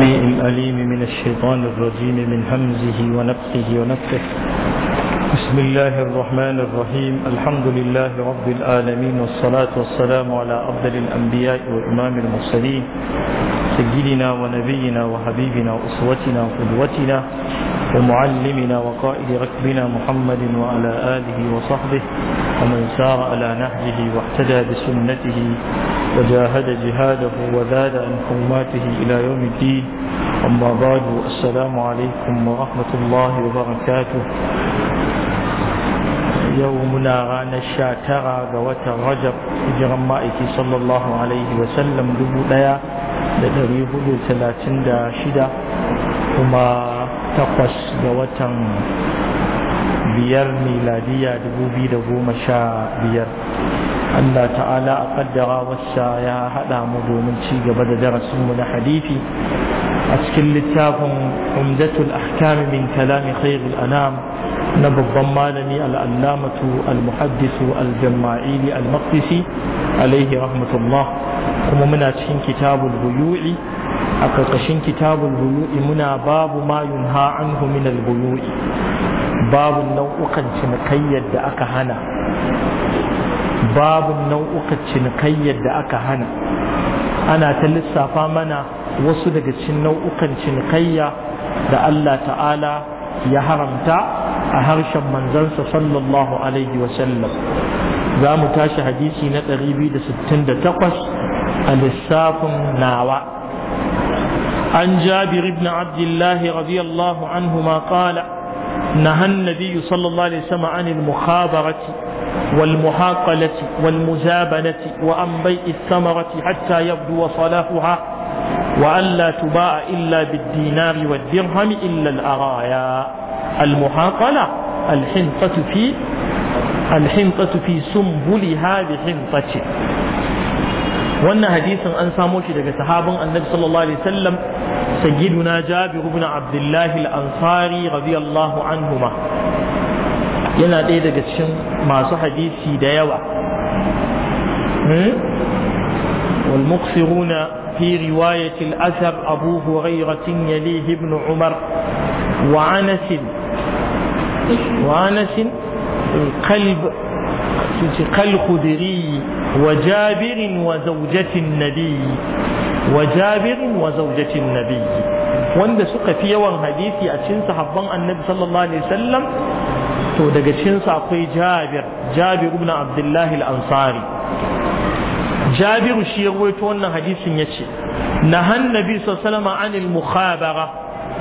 الأليم من الشيطان الرجيم من همزه ونفخه ونفخه بسم الله الرحمن الرحيم الحمد لله رب العالمين والصلاة والسلام على أفضل الأنبياء وإمام المرسلين سيدنا ونبينا وحبيبنا وأسوتنا وقدوتنا ومعلمنا وقائد ركبنا محمد وعلى آله وصحبه ومن سار على نهجه واحتدى بسنته وجاهد جهاده وزاد عن حرماته إلى يوم الدين أما بعد السلام عليكم ورحمة الله وبركاته يومنا غانا الشاترة غوات رجب جرم مائكي صلى الله عليه وسلم دبو ليا لدريه ثلاثين دا شدة وما takwas ga watan biyar miladiya dubu biyu da goma sha biyar Allah ta'ala a kaddara wasa ya haɗa mu domin ci gaba da darasinmu na hadithi a cikin littafin umdatul ahkami min kalami khairul anam na babban malami al'allamatu al-muhaddisu al-jama'ili al-maqdisi alaihi rahmatullah kuma muna cikin kitabul buyu'i a ƙarƙashin kitabun buyu'i muna babu mayun ha'an anhu buyu'i babu nau'ukan cinikayyar da aka hana babu nau'ukan cinikayyar da aka hana ana ta lissafa mana wasu daga cin nau'ukan cinikayya da Allah ta'ala ya haramta a harshen manzansa sallallahu alaihi wasallam za mu tashi hadisi na 268 a lissafin nawa عن جابر بن عبد الله رضي الله عنهما قال نهى النبي صلى الله عليه وسلم عن المخابرة والمحاقلة والمزابنة وأن بيء الثمرة حتى يبدو صلاحها وأن لا تباع إلا بالدينار والدرهم إلا الأرايا المحاقلة الحنطة في الحنطة في سنبلها بحنطة wannan hadisin an samo shi daga sahabin annabi sallallahu alaihi wasallam sayyiduna jabir ibn abdullah al-ansari radiyallahu anhuma yana ɗaya daga cikin masu hadisi da yawa hmm? wal muqsiruna في asab الأثر أبو هريرة يليه ابن عمر وعنس وعنس قلب قلب خدري وجابر وزوجة النبي وجابر وزوجة النبي wanda suka fi yawan hadisi a cikin sahabban annabi sallallahu alaihi wasallam to daga cikin akwai Jabir Jabir ibn Abdullah al-Ansari Jabir shi ya rawaito wannan hadisin yace nahan nabi sallallahu alaihi wasallam anil mukhabara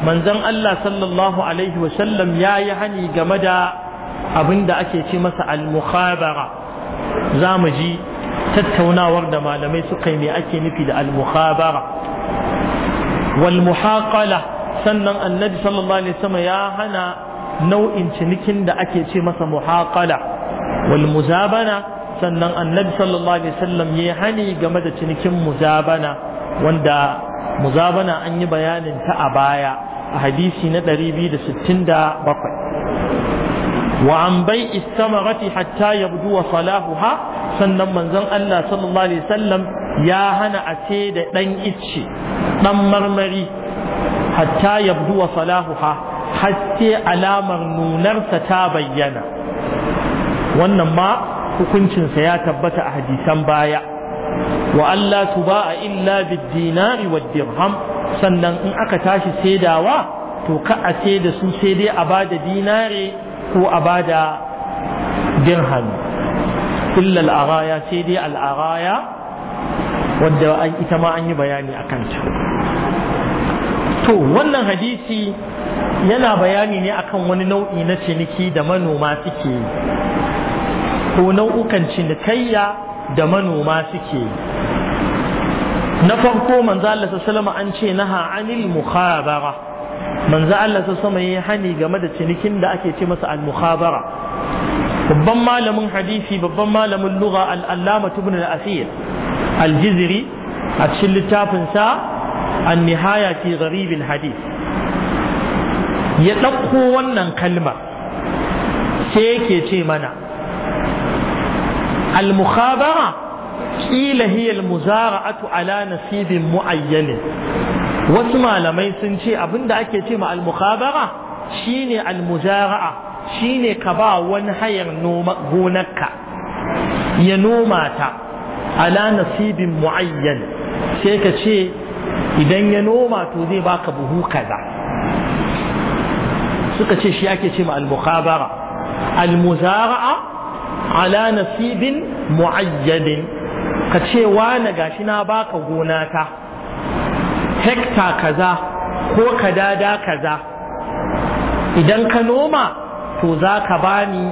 manzon Allah sallallahu alaihi wasallam yayi hani game da abinda ake ce masa al za mu ji tattaunawar da malamai suka yi ake nufi da al-mukhabara wal muhaqala sannan annabi sallallahu alaihi wasallam ya hana nau'in cinikin da ake ce masa muhaqala wal muzabana sannan annabi sallallahu alaihi wasallam ya hani game da cinikin muzabana wanda muzabana an yi bayanin ta a baya a hadisi na 267 wa an bai istamarati hatta yabdu wa salahuha sannan manzon Allah sallallahu alaihi wasallam ya hana a ce da dan icce dan marmari hatta yabdu wa salahuha hatta alamar nunarsa ta bayyana wannan ma hukuncinsa ya tabbata a hadisan baya wa Allah tuba'a illa bid dinari wad dirham sannan in aka tashi saidawa to ka a saida su sai dai a bada dinare ko a bada dirham kullal al'araya sai dai al'araya wadda ita ma an yi bayani a kanta to wannan hadisi yana bayani ne akan wani nau'i na ciniki da manoma suke ko nau'ukan cinikayya da manoma suke na farko manzo Allah sallama an ce naha anil mukhabara manzo Allah sallama yayi hani game da cinikin da ake ce masa al mukhabara babban malamin hadisi babban malamin lugha al'allama tubin asir aljiziri a cikin littafinsa an nihaya fi gharibin hadis ya ɗauko wannan kalmar sai yake ce mana al-mukhabara kila hiya muzara muzaraatu ala nasibin mu'ayyanin wasu malamai sun ce abinda ake ce ma al-mukhabara shine al-muzara'a shine ka ba wani hayar gonarka ya noma ta ala nasibin mu'ayyan sai ka ce idan ya noma to zai baka buhu kaza suka ce shi ake ce ma al-mukhabara al-muzara'a ala nasibin mu'ayyadin ka ce wane gashi na baka gona ta hekta kaza ko kadada kaza idan ka noma to za ka bani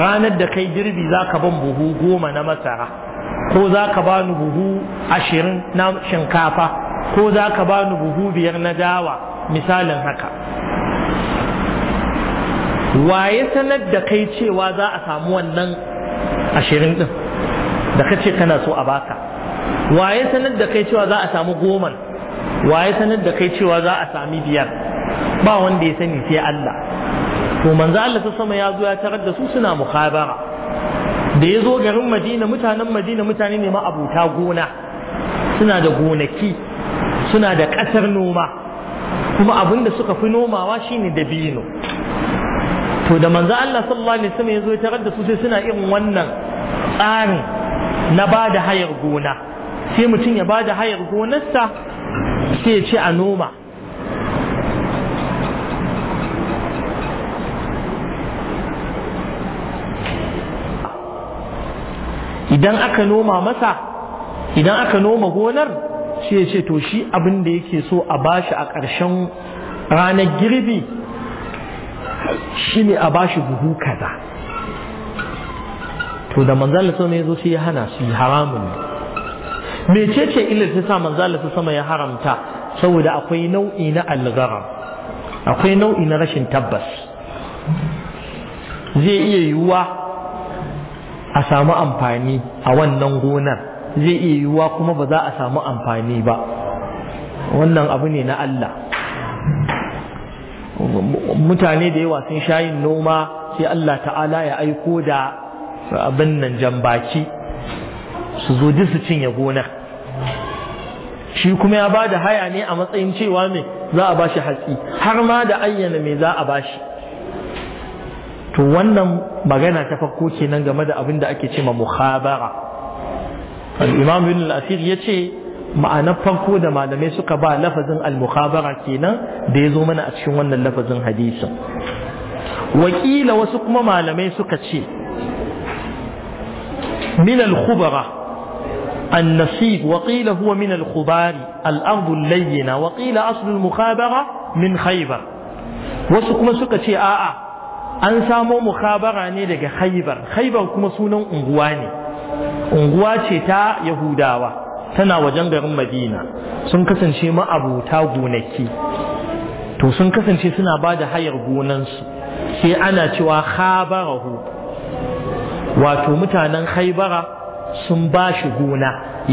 ranar da kai girbi za ka ban buhu goma na masara ko za ka bani buhu ashirin na shinkafa ko za ka bani buhu biyar na dawa misalin haka waye sanar da kai cewa za a samu wannan ashirin din da ka ce kana so a baka waye sanar da kai cewa za a samu goman waye sanar da kai cewa za a sami biyar ba wanda ya sani sai Allah to manzo Allah ta sama ya zo ya tarar da su suna mukhabara da ya zo garin Madina mutanen Madina mutane ne ma abuta gona suna da gonaki suna da ƙasar noma kuma abin da suka fi nomawa shine dabino to da manzo Allah sallallahu alaihi wasallam ya zo ya tarar da su sai suna irin wannan tsarin na ba da hayar gona sai mutum ya ba da hayar gonarsa sai ya ce a noma idan aka noma masa idan aka noma gonar shi ya ce to shi abin da yake so a bashi a ƙarshen ranar girbi shi ne a bashi buhu kaza to da manzala sama ya zo sai ya hana su yi haramun mece ce, illar ta sa manzala sama ya haramta saboda akwai nau'i na algarar akwai nau'i na rashin tabbas zai iya yiwuwa a samu amfani a wannan gonar zai iya yiwuwa kuma ba za a samu amfani ba wannan abu ne na Allah mutane da yawa sun sha yin noma sai Allah ta'ala ya aiko da abin nan jambaki su zo duk su cinye gonar shi kuma ya ba da haya ne a matsayin cewa me za a bashi hatsi har ma da ayyana me za a bashi to wannan magana ta farko kenan game da abin da ake ce ma muhabara al-imam ibn al-asir yace ma'anar farko da malamai suka ba lafazin al-mukhabara kenan da ya zo mana a cikin wannan lafazin hadisin wakila wasu kuma malamai suka ce min al-khubara النصيب وقيل هو من الخبار الأرض اللينة وقيل أصل المخابرة من خيبر وسكما سكتي آآ an samo mukhabara ne daga khaybar khaybar kuma sunan unguwa ne unguwa ce ta yahudawa tana wajen garin madina sun kasance ma'abuta gonaki to sun kasance suna ba da hayar gonansu sai ana cewa khabarahu wato mutanen khaybara sun ba shi gona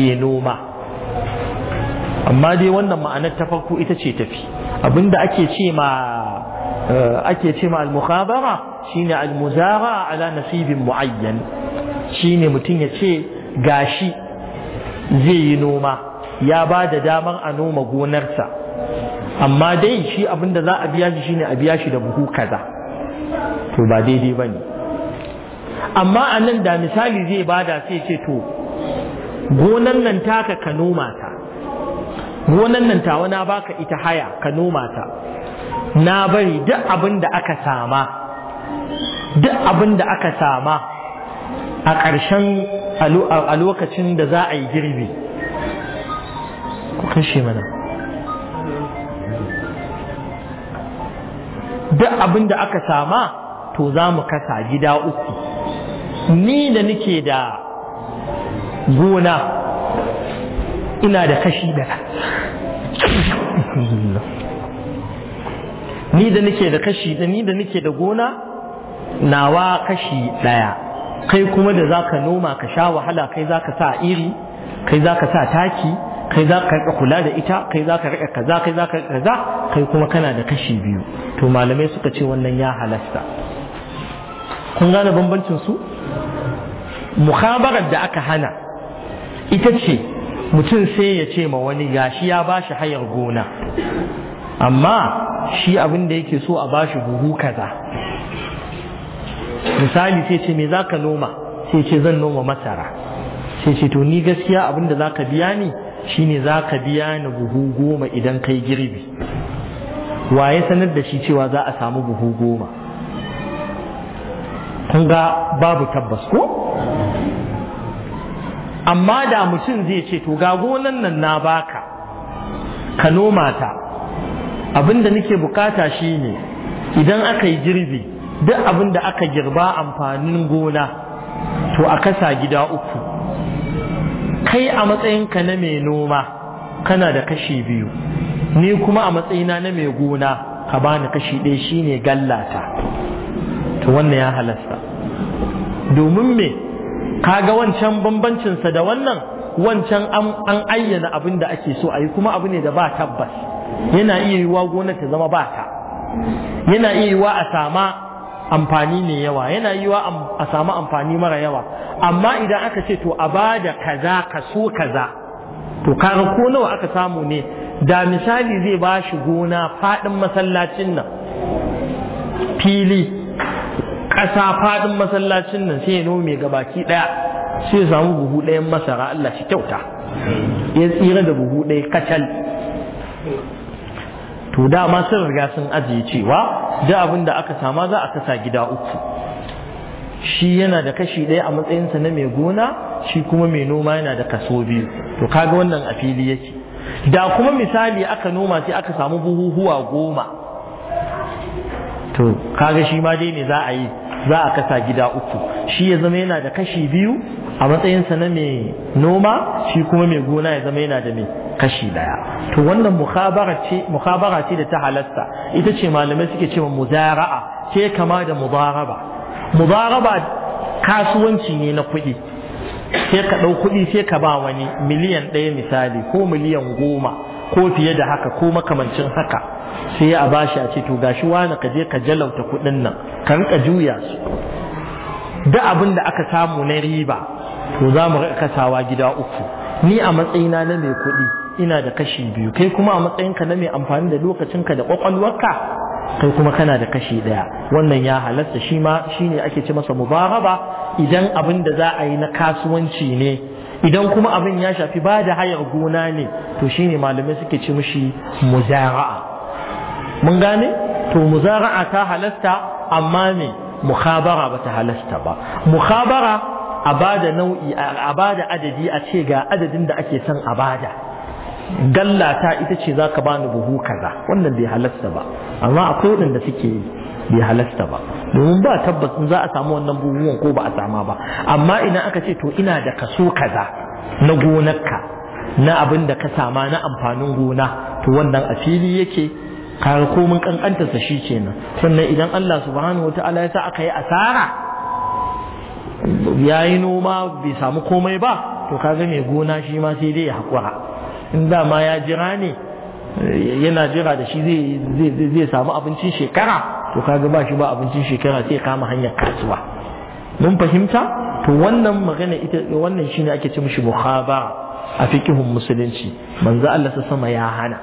ya noma amma dai wannan ma'anar ta farko ita ce tafi abinda ake ce ma ake ce ma al-mukhabara shine al-muzara ala nasibin muayyan shine mutum ya ce gashi zai yi noma ya ba da damar a noma gonarsa amma dai shi abinda za a biya shi shine a biya shi da buhu kaza to ba daidai bane amma a nan da misali zai bada sai ce to gonan nan taka ka noma ta gonan nan tawa na baka ita haya ka noma ta na bari duk abin da aka sama duk abin da aka sama a ƙarshen a lokacin da za a yi girbi ku kashe mana duk abin da aka sama to za mu kasa gida uku ni da nake da gona ina da kashi daga. ni da nake da kashi da ni da nake da gona nawa kashi daya kai kuma da zaka noma ka sha wahala kai zaka sa iri kai zaka sa taki kai za ka rika kula da ita kai za ka rika kaza kai za ka rika kaza kai kuma kana da kashi biyu to malamai suka ce wannan ya halasta kun gane bambancin su muhabarar da aka hana ita ce mutum sai ya ce ma wani gashi ya bashi hayar gona amma shi abin da yake so a bashi buhu kaza misali sai ce me za noma sai ce zan noma masara sai ce to ni gaskiya abin da za ka biya ni shine za biya ni buhu goma idan kai girbi waye sanar da shi cewa za a samu buhu goma kun ga babu tabbas ko amma da mutum zai ce to ga gonan nan na baka ka noma ta abinda nake bukata shine idan aka yi girbi duk abinda aka girba amfanin gona to a kasa gida uku kai a matsayinka na mai noma kana da kashi biyu ni kuma a matsayina na mai gona ka bani kashi ɗaya shine gallata to wannan ya halasta domin me ka ga wancan bambancinsa da wannan wancan an ayyana abin da ake so a yi kuma abu ne da ba tabbas yana iya yiwa gonar ta zama bata yana iya yiwa a sama amfani mai yawa yana yiwa a sama amfani mara yawa amma idan aka ce to a ba bada kaza kaso kaza to kare ko nawa aka samu ne da misali zai ba shi gona faɗin masallacin nan fili ƙasa faɗin masallacin nan sai ya nome gabaki ɗaya sai ya samu buhu ɗayan masara Allah shi kyauta ya tsira da buhu ɗaya kacal to dama sun riga sun ajiye cewa da abin da aka sama za a kasa gida uku shi yana da kashi ɗaya a matsayinsa na mai gona shi kuma mai noma yana da kaso biyu to kaga wannan a fili yake da kuma misali aka noma sai aka samu buhuhuwa goma to kaga shi ma dai ne za a yi za a kasa gida uku shi ya zama yana da kashi biyu a matsayinsa na mai noma shi kuma mai gona ya zama yana da mai kashi daya to wannan muhabara ce da ta halasta ita ce malamai suke cewa muzara'a ke kama da Mubaraba. Mubaraba kasuwanci ne na kuɗi sai ka ɗau kuɗi sai ka ba wani miliyan ɗaya misali ko miliyan goma ko fiye da haka ko makamancin haka sai a bashi a ce to gashi wani ka je ka jalauta kuɗin nan ka rika juya su Da abin da aka samu na riba to za mu kasawa gida uku ni a matsayina na mai kuɗi ina da kashi biyu kai kuma a matsayinka na mai amfani da lokacinka da kwakwalwarka kai kuma kana da kashi ɗaya wannan ya halatta shi ma shine ake ci masa mubaraba idan abin da za a yi na kasuwanci ne idan kuma abin ya shafi ba da hayar gona ne to shi ne malamai suke ci mushi muzara'a mun gane to muzara'a ta halasta amma ne mukhabara ba ta halasta ba mukhabara a bada nau'i a bada adadi a ce ga adadin da ake son a bada gallata ita ce za ka bani buhu kaza wannan bai halasta ba amma akwai waɗanda suke bai halasta ba domin ba tabbas za a samu wannan buhuwan ko ba a sama ba amma ina aka ce to ina da kaso kaza na gonarka na abin da ka sama na amfanin gona to wannan a fili yake kaga komin kankantarsa shi kenan sannan idan Allah subhanahu wataala ya sa aka yi asara ya yi noma bai samu komai ba to kaga mai gona shi ma sai dai ya haƙura in dama ya jira ne yana jira da shi zai samu abincin shekara to kaga ba shi ba abincin shekara sai kama hanyar kasuwa mun fahimta to wannan magana ita wannan shi ne ake ce mishi muhabara a fikihun musulunci manzo Allah sa sama ya hana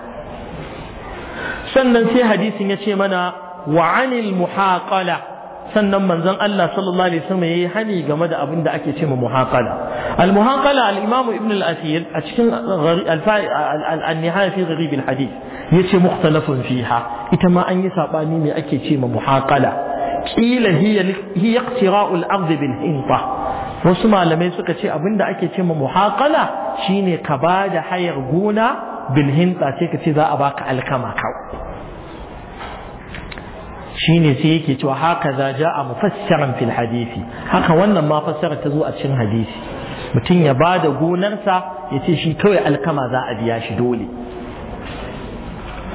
sannan sai hadisin ya ce mana wa anil muhaqala sannan manzon Allah sallallahu alaihi wasallam yayi hani game da abin da ake cewa muhaqala al muhaqala al imam ibn al asir a cikin al nihaya fi ce al hadith yace mukhtalafun fiha ita ma an yi sabani ake cewa muhaqala kila hiya hiya iqtira'u al ard bil hinta wasu malamai suka ce abin da ake cewa muhaqala shine ka bada hayar gona bil hinta sai ka ce za a baka alkama ka shine sai yake cewa haka za ja a mufassaran fil hadisi haka wannan ma fassara ta zo a cikin hadisi mutum ya ba da gonarsa ya ce shi kawai alkama za a biya shi dole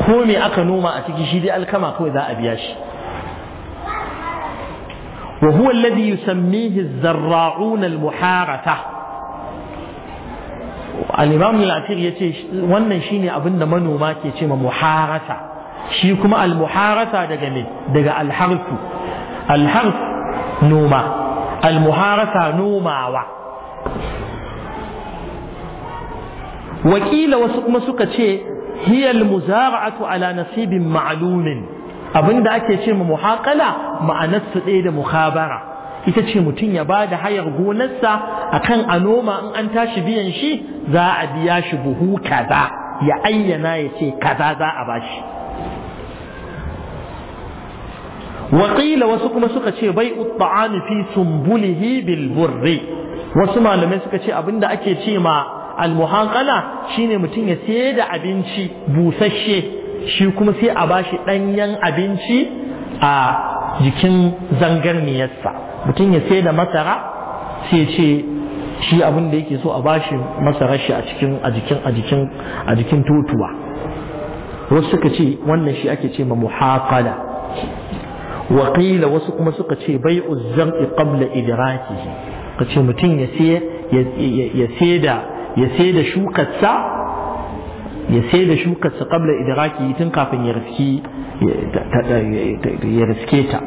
ko me aka noma a ciki shi dai alkama kawai za a biya shi wa huwa alladhi yusammihi az-zarra'un al-muharata al-imam al-athir yace wannan shine abinda manoma ke ce ma muharata shi kuma almuharasa daga me daga alharsu. alharf noma almuharasa nomawa wakila wasu kuma suka ce hiyal muzara'atu ala nasibin ma'lumin abinda ake ce mu muhaqala ma'anarsa ɗaya da muhabara ita ce mutum ya ba da hayar gonarsa akan a noma in an tashi biyan shi za a biya shi buhu kaza ya ayyana ya ce kaza za a bashi waƙila wasu kuma suka ce bai ta'ami fi sumbulihi bil burri wasu malamai suka ce abinda ake ce ma almuhaqala shine mutum ya sayar da abinci busasshe shi kuma sai a bashi ɗanyen abinci a jikin zangarniyarsa mutum ya sayar da masara sai ce shi abin da yake so a bashi masarar shi a cikin a jikin a jikin a jikin tutuwa wasu suka ce wannan shi ake ce ma muhaqala Wakila wasu kuma suka ce bai uzzam'i qabla idraki ka ce mutum ya sai da shukarsa ya sai qabla idraki tun kafin ya riske ta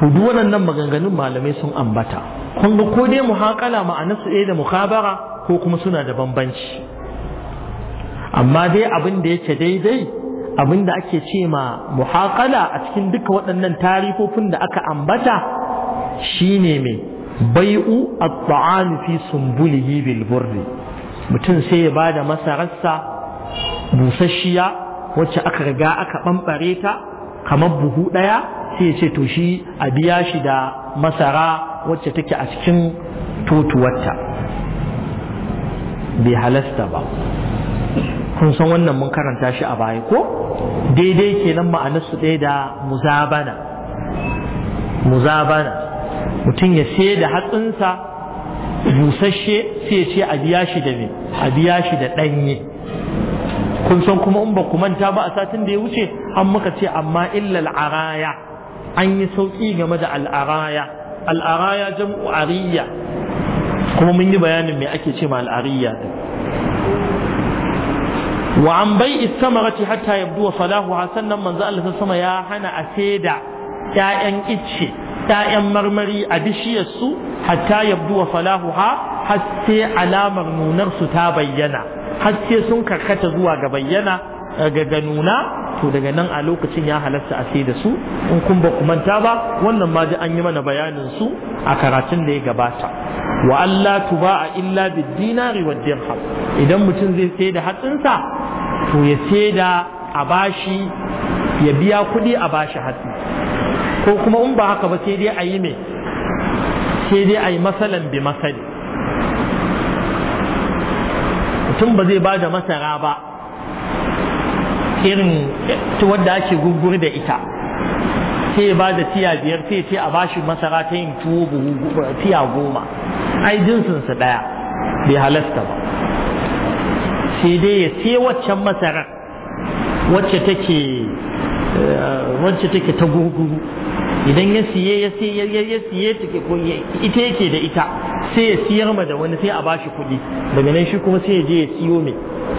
to duk waɗannan maganganun malamai sun ambata kun ga ko dai muhakala ma'anarsu ɗaya da mukabara ko kuma suna da bambanci amma dai abin da yake daidai Abin da ake ce ma muhaqala a cikin duka waɗannan tarihofin da aka ambata shine mai bai'u at-ta'am fi sumbulihi bil burri mutum sai ya ba da masararsa busasshiya wacce aka riga aka bambare ta kamar buhu ɗaya, sai ya ce to shi a biya shi da masara wacce take a cikin totuwarta bai halasta ba kun san wannan mun karanta shi a baya ko daidai kenan ma'anarsu ɗaya da muzabana muzabana mutum ya sai da hatsinsa busasshe sai ce a biya shi da me a biya shi da ɗanye kun san kuma in ba ku manta ba a satin da ya wuce an muka ce amma illa al'araya an yi sauƙi game da al'araya al'araya jam'u ariya kuma mun yi bayanin me ake ce ma al'ariya wa an bai istamarati hatta yabdu wa salahu sannan manzo Allah sama ya hana a da ƴaƴan icce ƴaƴan marmari a bishiyar su hatta yabdu wa salahu har sai alamar nunar su ta bayyana har sai sun karkata zuwa ga bayyana ga nuna to daga nan a lokacin ya halatta a da su in kun ba manta ba wannan ma ji an yi mana bayanin su a karatun da ya gabata wa Allah tuba a illa bid dinari wa dirham idan mutum zai sai da hatsinsa to ya saida a bashi ya biya kuɗi a bashi hatsi ko kuma in ba haka ba sai dai a yi mai sai dai a yi masalan bi masali mutum ba zai ba da masara ba irin wadda ake guggur da ita sai ba da tiya biyar sai ce a bashi masara ta yin tuwo buhu tiya goma ai jinsinsa ɗaya bai halasta ba sai dai ya sai waccan masara wacce take eh, ta guguru idan ya siye ya siye ya siye take ko ita yake da ita sai ya siyar ma da wani sai a bashi kuɗi daga nan shi kuma sai ya je ya siyo me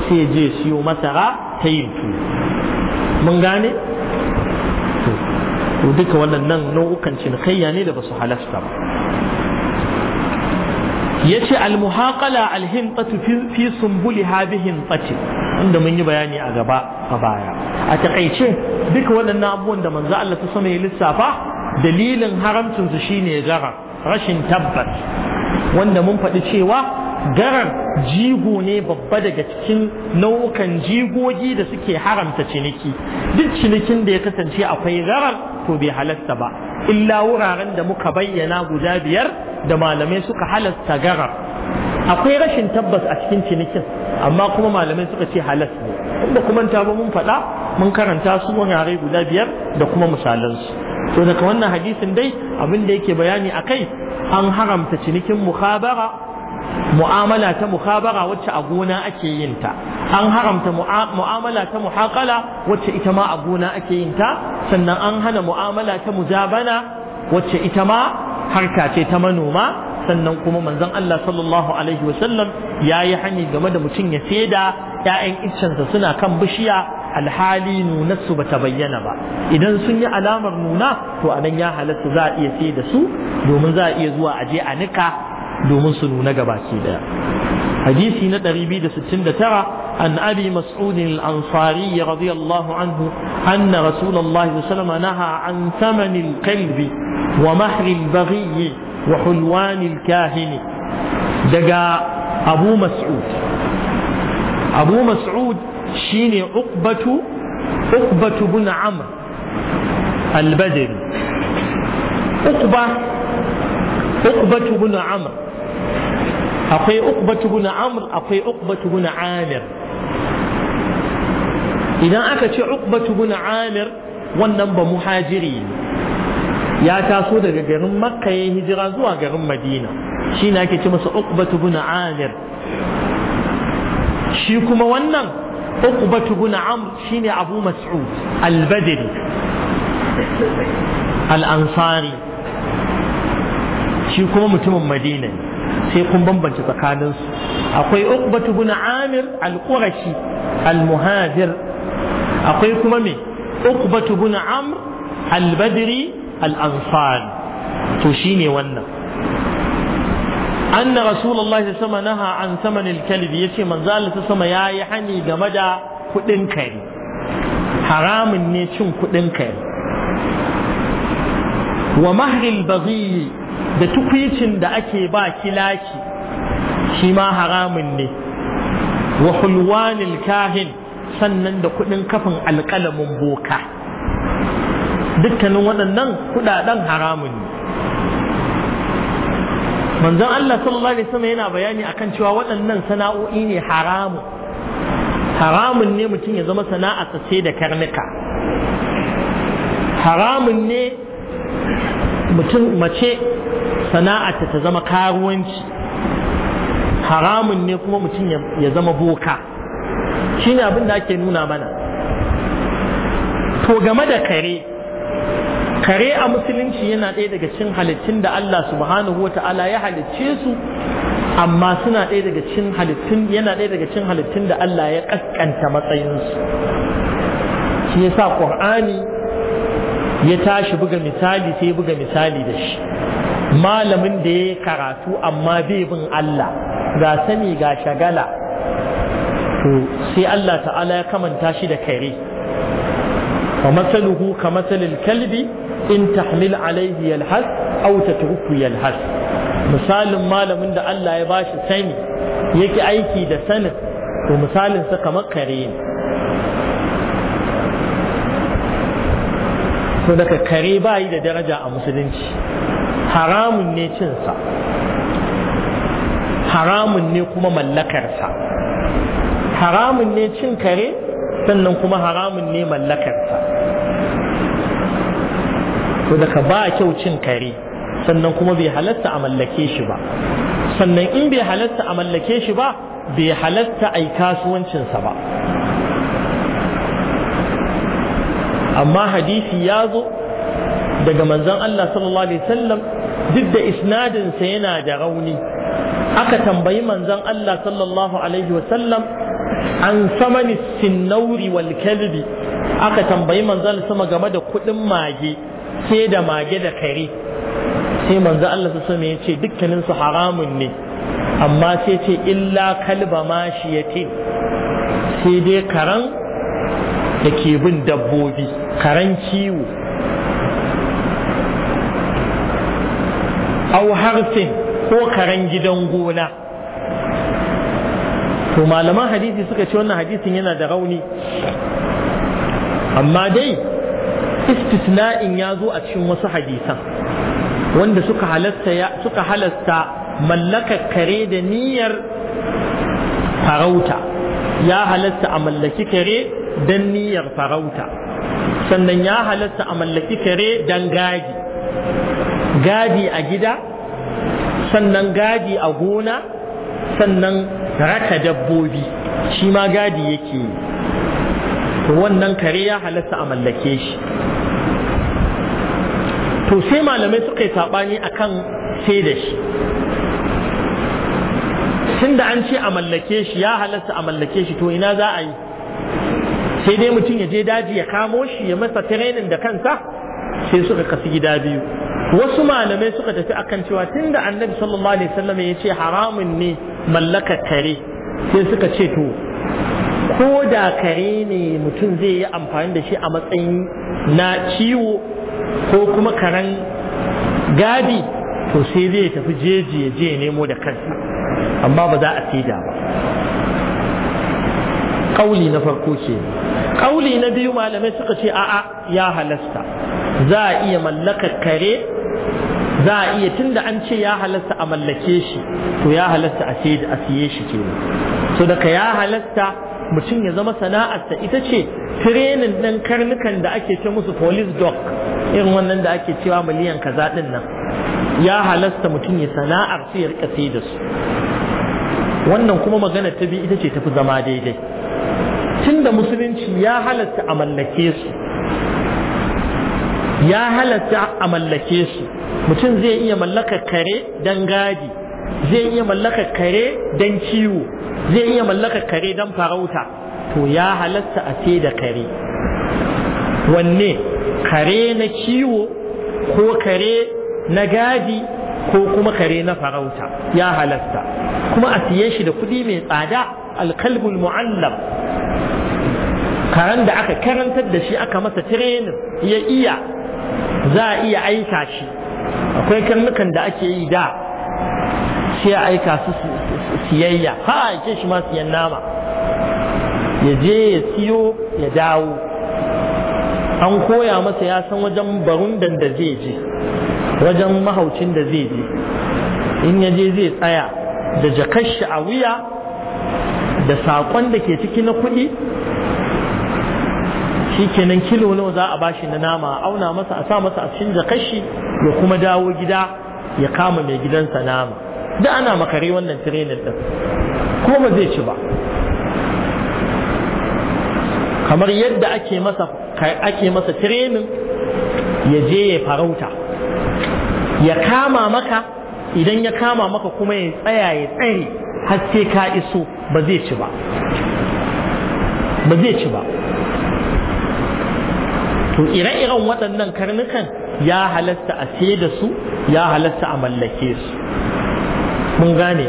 sai ya je ya siyo masara ta yin tuwo mun gane to duka wannan nan nau'ukan cinikayya ne da ba su halasta ba yace almuhaƙala alhintatu fi sumbuli habi tsati inda mun yi bayani a gaba a baya a takaice duka waɗannan abubuwan da manzo Allah ta sama ya lissafa dalilin haramcin su shine gara rashin tabbas wanda mun faɗi cewa garar jigo ne babba daga cikin nau'ukan jigogi da suke haramta ciniki duk cinikin da ya kasance akwai garar to bai halasta ba illa wuraren da muka bayyana guda biyar da malamai suka halasta garar akwai rashin tabbas a cikin cinikin amma kuma malamai suka ce halas ne inda kuma ta ba mun faɗa mun karanta su wurare guda biyar da kuma misalansu to daga wannan hadisin dai abin da yake bayani akai an haramta cinikin mukhabara mu'amala ta mukhabara wacce a gona ake yin ta an haramta mu'amala ta muhaqala wacce ita ma a gona ake yin ta sannan an hana mu'amala ta mujabana wacce ita ma harka ce ta manoma sannan kuma manzon Allah sallallahu alaihi wasallam ya yi hani game da mutum ya saida ‘ya'yan iccensa suna kan bishiya alhali nunarsu ba ta bayyana ba idan sun yi alamar nuna to anan ya halatta za a iya saida su domin za a iya zuwa je a nika domin su nuna ga baki daya hadisi na 269 an abi mas'ud al-ansari radiyallahu anhu anna rasulullahi sallallahu alaihi wasallam naha an thaman al-qalb wa mahr al-baghi wa hulwan al-kahin daga abu mas'ud abu mas'ud shine uqbatu uqbatu bin amr al-badri uqba uqbatu bin amr akwai uqbatu bin amr akwai uqbatu bin amir idan aka ce uqbatu bin amir wannan ba muhajiri ya taso daga garin makka ya hijira zuwa garin madina shi na ake ce masa uqbatu bin amir shi kuma wannan uqbatu bin amr shine abu mas'ud al-badri al-ansari shi kuma mutumin madina ne sai kun bambanta tsakaninsu akwai uqbatu bin amir al-qurashi al-muhajir akwai kuma me uqbatu bin amr al-badri al-ansar to shine wannan anna rasulullahi sallallahu alaihi naha an saman al-kalb yace manzo Allah ta sama yayi hani da mada kuɗin kai haramun ne cin kuɗin kai wa mahri al-baghi da tukwicin da ake ba kilaki shi ma haramun ne wa hulwanil kahin sannan da kudin kafin alkalamin boka dukkanin waɗannan kudaden haramun ne manzon Allah sallallahu alaihi wasallam yana bayani akan cewa waɗannan sana'o'i ne haramu haramun ne mutum ya zama sana'a sai da karnuka haramun ne mutum mace sana'arta ta zama karuwanci haramun ne kuma mutum ya zama boka shine abin da ake nuna mana to game da kare kare a musulunci yana ɗaya daga cin halittun da Allah subhanahu wa ta'ala ya halicce su amma suna ɗaya daga cin halittun yana ɗaya daga cin halittun da Allah ya ƙasƙanta matsayinsu shi yasa ƙur'ani ya tashi buga misali sai buga misali da shi malamin da ya karatu amma bai bin Allah ga sani ga shagala to sai Allah ta'ala ya kamanta shi da kare wa mataluhu ka masalil kalbi in tahmil alaihi yalhas aw tatruku yalhas misalin malamin da Allah ya bashi sani yake aiki da sanin to misalin sa kamar kare ne to daga kare ba yi da daraja a musulunci haramun ne cinsa haramun ne kuma mallakarsa haramun ne cin kare sannan kuma haramun ne mallakarsa to daga ba kyau cin kare sannan kuma bai halatta a mallake shi ba sannan in bai halatta a mallake shi ba bai halatta a yi kasuwancinsa ba amma hadisi ya zo daga manzon Allah sallallahu alaihi wasallam duk da isnadinsa yana da rauni aka tambayi manzan Allah sallallahu alaihi wasallam an samani sinnauri wal kalbi aka tambayi manzan sama game da kuɗin mage sai da mage da kare sai manzan Allah su ya ce dukkanin su haramun ne amma sai ce illa kalba ma mashiyate sai dai karan da ke bin dabbobi karan kiwo aw harsin ko karen gidan gona to malaman hadisi suka ce wannan hadisin yana da rauni amma dai istisna'in ya zo a cikin wasu hadisan wanda suka halasta suka halasta mallakar kare da niyyar farauta ya halasta a mallaki kare don niyyar farauta sannan ya halasta a mallaki kare dan gaji gadi a gida sannan gadi a gona sannan raka dabbobi shi ma gadi yake wannan kare ya halatta a mallake shi to sai malamai suka yi saɓani a kan sai da shi tun da an ce a mallake shi ya halatta a mallake shi to ina za a yi sai dai mutum ya je daji ya kamo shi ya masa tirenin da kansa sai suka kasu gida biyu wasu malamai suka tafi akan cewa tunda annabi sallallahu alaihi wasallam ya ce haramun ne mallakar kare sai suka ce to ko da kare ne mutum zai yi amfani da shi a matsayin na ciwo ko kuma karen gadi to sai zai tafi jeji ya je nemo da kansa amma ba za a saida ba kauli na farko ce kauli na biyu malamai suka ce a'a ya halasta za a iya mallakar kare za a iya tun da an ce ya halasta a mallake shi to ya halasta a siye shi ke. so daga ya halasta mutum ya zama sana'arsa ita ce tirenin ɗan karnukan da ake ce musu police dog irin wannan da ake cewa miliyan kaza ɗin nan ya halasta mutum ya sana'ar su ya rika da su wannan kuma magana ta biyu ita ce tafi zama daidai Tun da musulunci ya halasta a mallake su ya halasta a mallake su mutum zai iya mallakar kare don gadi zai iya mallakar kare don ciwo zai iya mallakar kare don farauta to ya halatta a ce da kare wanne kare na ciwo ko kare na gadi ko kuma kare na farauta ya halatta kuma a siye shi da kuɗi mai tsada alkalbul mu'allam karen da aka karantar da shi aka masa tirenin ya iya za a iya aika shi akwai karnukan da ake yi da sai a aika su siyayya ha aike shi ma siyan nama ya je ya siyo ya dawo an koya masa ya san wajen barundan da zai je wajen mahaucin da zai je in ya je zai tsaya da jakashi a wuya da saƙon da ke ciki na kuɗi shikenan kilo nawa za a bashi na nama a auna masa a sa masa a cikin jakashi ya kuma dawo gida ya kama mai gidansa nama da ana makare wannan tirenin din ko ba zai ci ba kamar yadda ake masa ake masa tirenin ya je ya farauta ya kama maka idan ya kama maka kuma ya tsaya ya tsare har sai ka iso ba zai ci ba ba zai ci ba to ire-iren waɗannan karnukan ya halasta a da su ya halasta a mallake su mun gane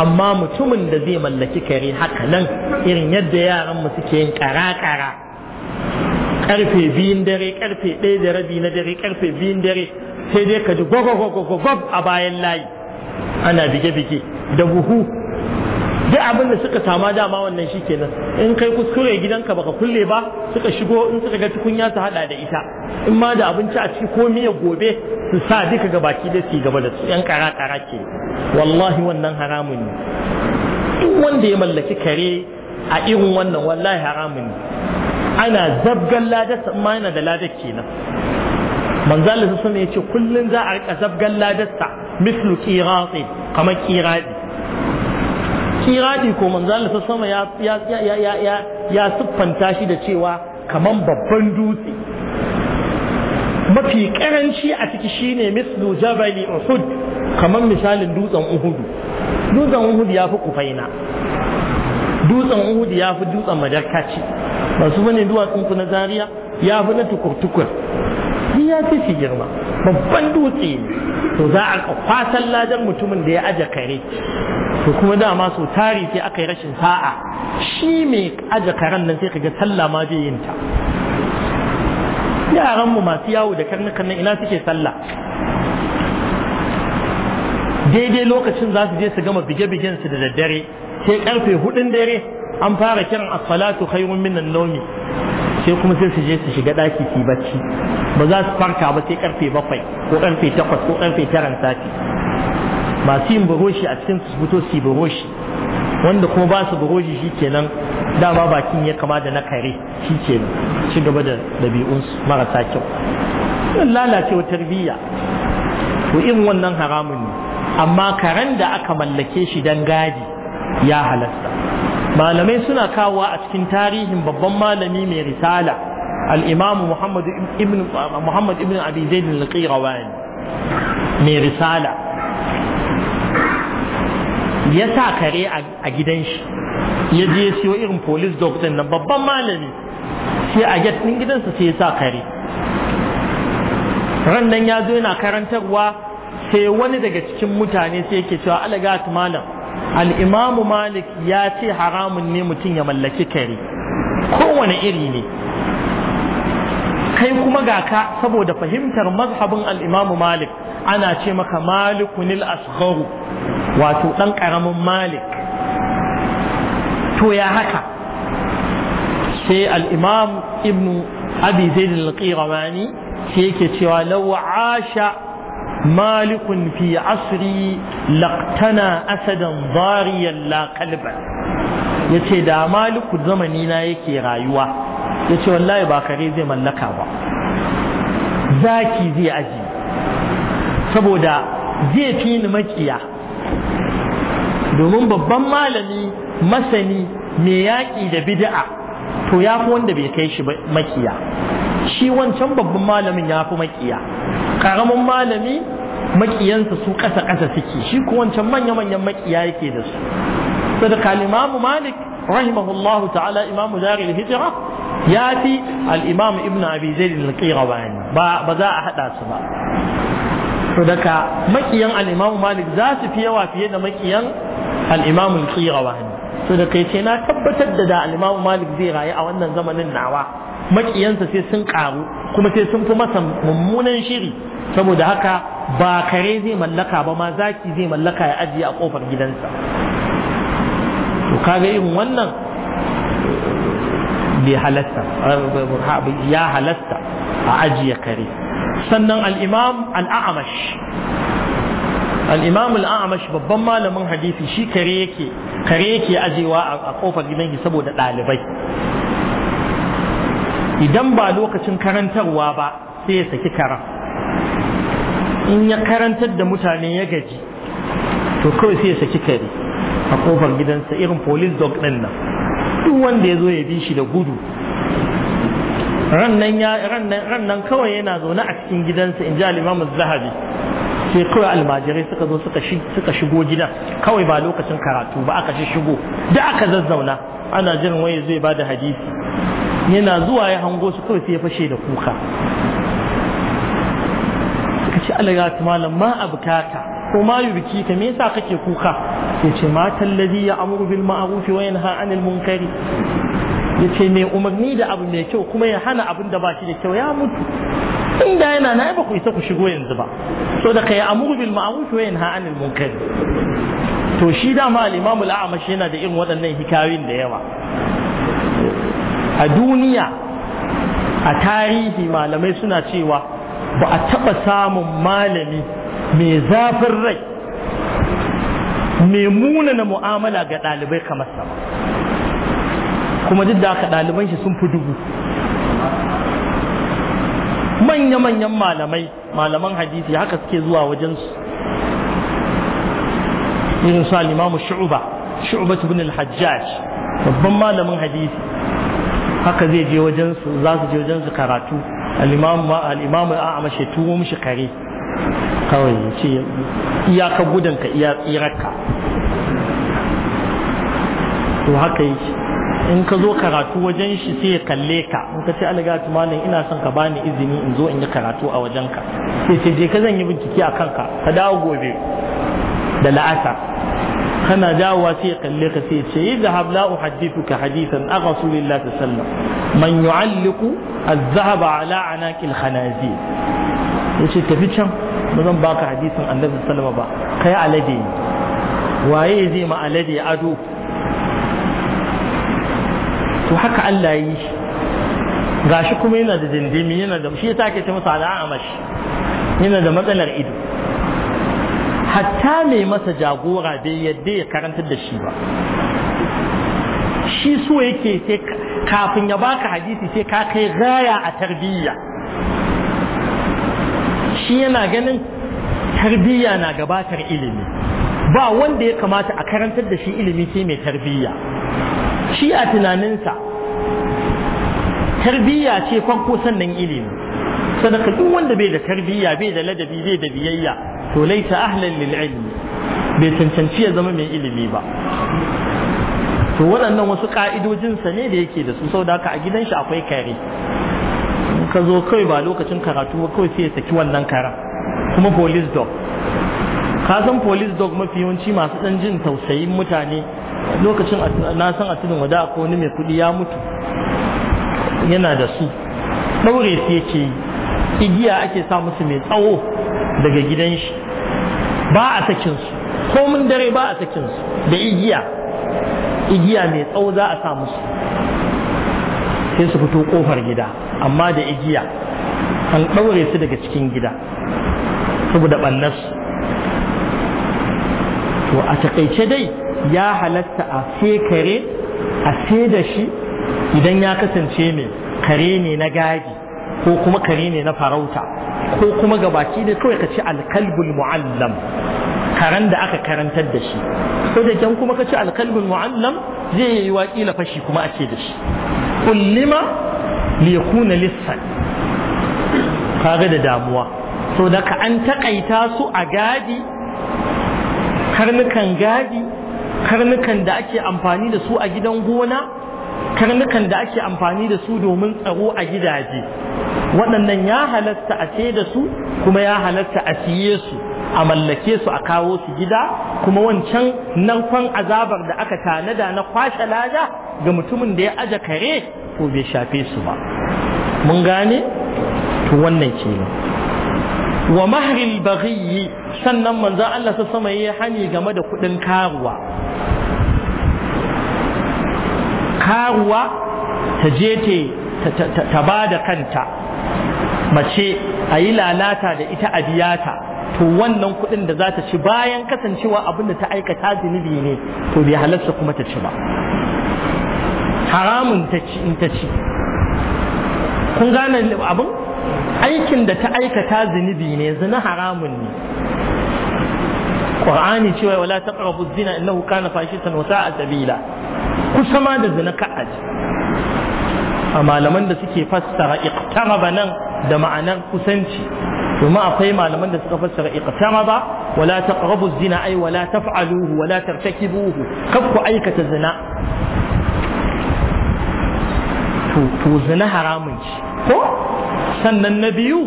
amma mutumin da zai mallaki kare haka nan irin yadda yaran mu suke yin kara-kara karfe biyun dare karfe ɗaya da rabi na dare karfe biyun dare sai dai ka ji gwagwagwagwagwag a bayan layi ana bige-bige da buhu duk abin da suka sama dama wannan shi kenan in kai kuskure gidanka baka kulle ba suka shigo in suka ga tukunya su hada da ita in ma da abinci a ciki ko miya gobe su sa duka ga baki da su gaba da su yan kara kara ke wallahi wannan haramun ne duk wanda ya mallaki kare a irin wannan wallahi haramun ne ana zabgan ladarsa ma yana da ladar kenan manzalin su ya ce kullum za a rika zabgan ladarsa mislu kirati kamar kirati kirani ko manzo Allah sama ya ya ya ya ya ya siffanta shi da cewa kaman babban dutse mafi karanci a ciki shine mislu jabali uhud kaman misalin dutsen uhud dutsen uhud ya fi kufaina dutsen uhud ya fi dutsen madarkaci ba su bane duwatsun ku na zaria ya fi na tukurtukur. tukur shi ya fi fi girma babban dutse ne to za a kwasan ladan mutumin da ya aje kare to kuma dama so tari sai aka yi rashin sa'a shi mai aje karen nan sai kaga sallah ma bai yin ta yaran mu masu yawo da karnukan nan ina suke sallah daidai lokacin za su je su gama bige-bigen su da daddare sai karfe hudun dare an fara kiran as-salatu khayrun minan nawmi sai kuma sai su je su shiga daki su bacci ba za su farka ba sai karfe bakwai ko karfe takwas ko karfe taran sati masu yin buroshi a cikin su fito su buroshi wanda kuma ba su buroshi shi kenan dama bakin ya kama da na kare shi kenan ci gaba da ɗabi'unsu marasa kyau lalacewa tarbiyya to in wannan haramun ne amma karen da aka mallake shi don gadi ya halasta malamai suna kawo a cikin tarihin babban malami mai risala al'imamu muhammad ibn abi zaid al-qirawani mai risala ya sa kare a gidan shi ya je siyo irin police dog din babban malami sai a get din gidansa sai ya sa kare ran nan ya zo yana karantarwa sai wani daga cikin mutane sai yake cewa alagat malam al-imam malik ya ce haramun ne mutum ya mallaki kare kowane iri ne kai kuma ga ka saboda fahimtar mazhabin al-imam malik ana ce maka malikunil asgharu wato ɗan ƙaramin malik to ya haka sai al'imam ibn abi zaid al-qirawani sai yake cewa law asha malikun fi asri laqtana asadan zariyan la yace da maliku zamani na yake rayuwa yace wallahi ba kare zai mallaka ba zaki zai aji saboda zai fi ni maƙiya. domin babban malami masani mai yaƙi da bid'a to ya fi wanda bai kai shi makiya shi wancan babban malamin ya fi makiya ƙaramin malami makiyansa su ƙasa ƙasa suke shi ko wancan manya manyan makiya yake da su sadaka al malik rahimahullahu ta'ala imamu jari al-hijra ya fi al Ibn ibnu abi zaid al ba ba za a hada su ba sadaka makiyan al malik za su fi yawa fiye da makiyan Al'imamin imam ne qirawani da kai ce na tabbatar da da al malik zai rayu a wannan zamanin nawa makiyansa sai sun karu kuma sai sun fi masa mummunan shiri saboda haka ba kare zai mallaka ba ma zaki zai mallaka ya ajiye a kofar gidansa to kaga irin wannan bai halatta ya halasta a ajiye kare sannan al-imam al-a'mash al-imam al-a'mash babban malamin hadisi shi kare yake kare yake ajewa a kofar gidan saboda dalibai idan ba lokacin karantarwa ba sai ya saki kara in ya karantar da mutane ya gaji to kawai sai ya saki kare a kofar gidansa irin police dog din nan duk wanda ya zo ya bi shi da gudu rannan kawai yana zaune a cikin gidansa in ji al-imam zahabi sai kawai almajirai suka zo suka shigo gidan kawai ba lokacin karatu ba aka shi shigo da aka zazzauna ana jin waye zai ba da hadisi yana zuwa ya hango su kawai sai ya fashe da kuka suka ce alaga malam ma kaka ko ma biki ka me yasa kake kuka Ya ce matan ladhi ya amuru bil ma'ruf wa yanha 'anil munkari ce mai umarni da abu mai kyau kuma ya hana abin da ba shi da kyau ya mutu tun da yana na ba ku isa ku shigo yanzu ba so da kai amuru bil ma'ruf wa yanha anil munkar to shi da ma al imamu al-a'mash yana da irin waɗannan hikayoyin da yawa a duniya a tarihi malamai suna cewa ba a taɓa samun malami mai zafin rai mai munana mu'amala ga ɗalibai kamar sa kuma duk da haka ɗaliban shi sun fi dubu manya-manyan malamai malaman hadisi haka suke zuwa wajensu irin su alimamu shu'uba shu'uba ibn al-hajjaj babban malamin hadisi haka zai je wajensu za su je wajensu karatu alimamu alimamu a amashe tuwo mishi kare kawai ya ce iyaka gudanka iya tsirarka to haka yake in ka zo karatu wajen shi sai ya kalle ka in ka ce algatu malam ina son ka bani izini in zo in yi karatu a wajen ka sai ce je ka zan yi bincike a kanka ka dawo gobe da la'asa kana dawowa sai ya kalle ka sai ce yi zahab la uhaddithuka hadithan a rasulillah sallallahu man yu'alliqu az-zahaba ala anaqil khanazir yace tafi can ba zan baka hadisin annabi sallallahu ba kai alade waye zai ma alade ado to haka Allah yi shi kuma yana da dindimi yana da shi yasa ake ce masa al'amash yana da matsalar ido hatta mai masa jagora bai yadda ya karantar da shi ba shi so yake sai kafin ya baka hadisi sai ka kai gaya a tarbiyya shi yana ganin tarbiyya na gabatar ilimi ba wanda ya kamata a karantar da shi ilimi sai mai tarbiyya shi a tunaninsa tarbiyya ce farko sannan ilimi sadaka duk wanda bai da tarbiyya bai da ladabi bai da biyayya to laita ahlan lil ilmi bai cancanci ya zama mai ilimi ba to waɗannan wasu ka'idojin sa ne da yake da su sau da a gidan shi akwai kare ka zo kawai ba lokacin karatu ba kawai sai ya saki wannan kara kuma police dog ka san police dog mafi yawanci masu ɗan jin tausayin mutane lokacin na san a tudun wada ko wani mai kudi ya mutu yana da su ɗaure su yake yi igiya ake sa musu mai tsawo daga gidan shi ba a sakin su komin dare ba a sakin su da igiya igiya mai tsawo za a sa musu sai su fito kofar gida amma da igiya an ɗaure su daga cikin gida saboda ɓannarsu to a takaice dai ya halatta a sai kare a sai da shi idan ya kasance mai kare ne na gadi ko kuma kare ne na farauta ko kuma gabaki da kawai ka ce alkalbul mu'allam karen da aka karantar da shi ko da kyan kuma ka ce alkalbul mu'allam zai yi wa kila fashi kuma a ce da shi kullima li kuna lissan kaga da damuwa so da ka an taƙaita su a gadi karnukan gadi karnukan da ake amfani da su a gidan gona karnukan da ake amfani da su domin tsaro a gidaje waɗannan ya halatta a ce da su kuma ya halatta a siye su a mallake su a kawo su gida kuma wancan narkon azabar da aka tanada na kwashe lada ga mutumin da ya aje kare ko bai shafe su ba mun gane to wannan kenan wa mahril baghi sannan manzan Allah su sama yi hani game da kudin karuwa karuwa ta je ta ba da kanta mace a yi lalata da ita a biyata to wannan kudin da za ta ci bayan kasancewa abin ta aikata zunubi ne to bai halarsa kuma ta ci ba haramun ta ci in ta ci kun gane abin aikin da ta aikata zunubi ne zina haramun ne qur'ani cewa wala taqrabu zina innahu kana fashishatan wa a sabila kusa ma da zina ka aji a malaman da suke fassara iqtaraba nan da ma'anar kusanci domin akwai malaman da suka fassara iqtaraba wala taqrabu zina ai wala taf'aluhu wala tartakibuhu kaf ku aikata zina to zina haramun ce ko sannan na biyu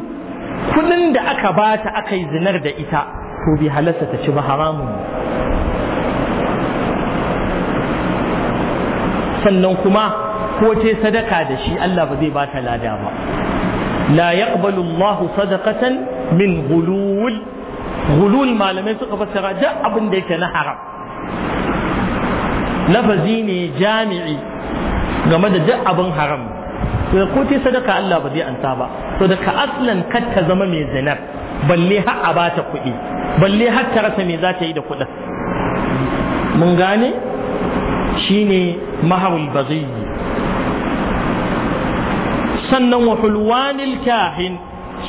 kudin da aka bata aka yi zinar da ita ko bi halarta ta ci ba haramun sannan kuma ko ce sadaka da shi Allah ba zai ba ta lada ba la yaqbalu Allah sadaqatan min ghulul ghulul malamai suka fassara duk abin da yake na haram lafazi ne jami'i game da duk abin haram ko ce sadaka Allah ba zai ansa ba sadaka aslan kar ta zama mai zinar balle har a bata kuɗi balle har ta rasa me za ta yi da kuɗin mun gane Shi ne maharul bazai sannan wa hulwanil kahin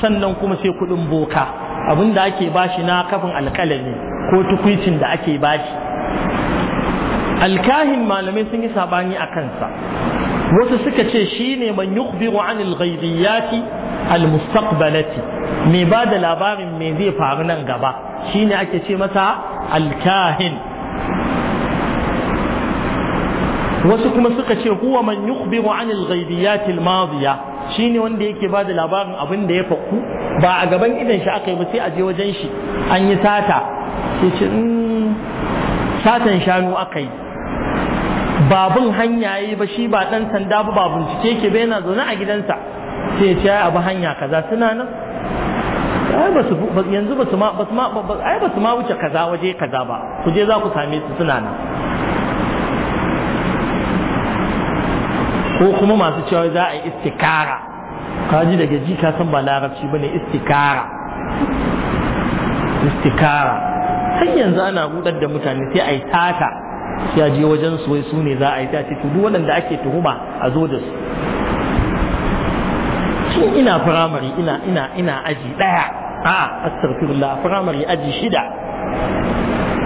sannan kuma sai kuɗin boka abin da ake bashi na kafin alƙalami ko tukwicin da ake bashi alkahin malamai sun yi saɓani a kansa wasu suka ce shi shine man yukbiru anil ghaibiyati al mustaqbalati mai ba da labarin me zai faru nan gaba shine ake ce masa alkahin wasu kuma suka ce huwa man yukhbiru anil ghaibiyati al shine wanda yake bada labarin abin da ya faku ba a gaban idan shi aka yi ba sai a je wajen shi an yi sata sai ce hmm, satan shanu aka yi babun hanya yi ba shi ba dan sanda ba babun cike yake ba yana zaune a gidansa sai ce abu hanya kaza suna nan ai ba su yanzu ba su ma ba su ma ai ba su ma wuce kaza waje kaza ba ku je za ku same su suna nan ko kuma masu cewa za a yi istikara ka ji daga ji ka san ba larabci bane istikara istikara har yanzu ana gudar da mutane sai a yi tata sai je wajen su wai su ne za a yi sata, su to duk waɗanda ake tuhuma a zo da su tun ina firamare ina ina ina aji daya a astagfirullah firamare aji shida